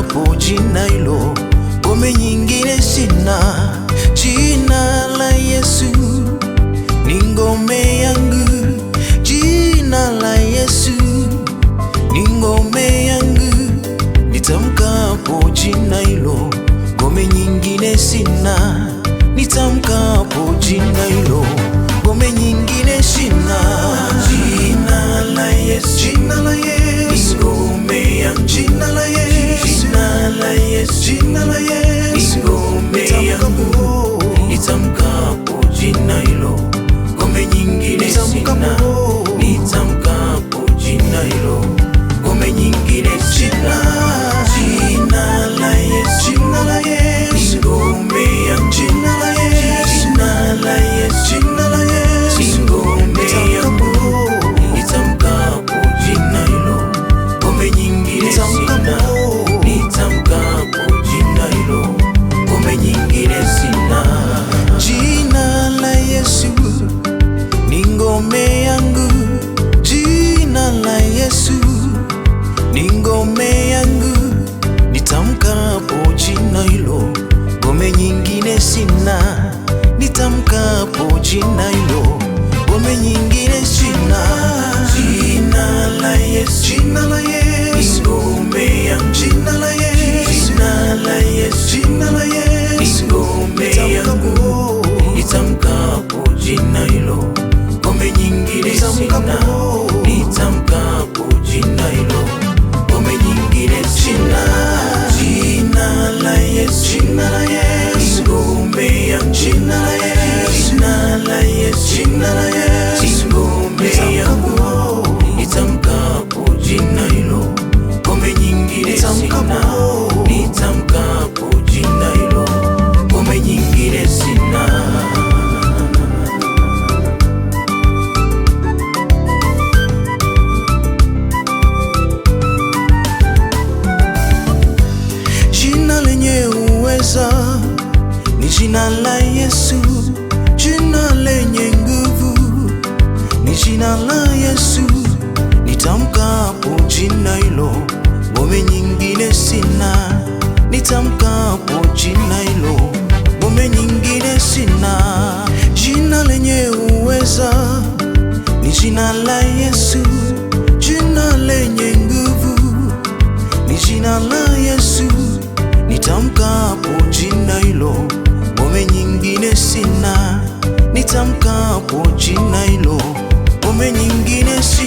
hapo jina hilo, ngome nyingine sina. Jina la Yesu ni ngome yangu. yangu nitamkapo jina hilo, ngome nyingine sina, nitamkapo jina hilo jina hilo, ngome nyingine sina. Jina la Yesu, jina la Yesu. uweza ni jina la Yesu, jina lenye nguvu ni jina la Yesu. po jina hilo, ngome nyingine sina. po jina hilo, ngome nyingine sina. Jina lenye uweza ni jina la Yesu, jina lenye nguvu ni jina la Yesu po jina hilo, ngome nyingine sina, nitamkapo jina hilo, ngome nyingine sina.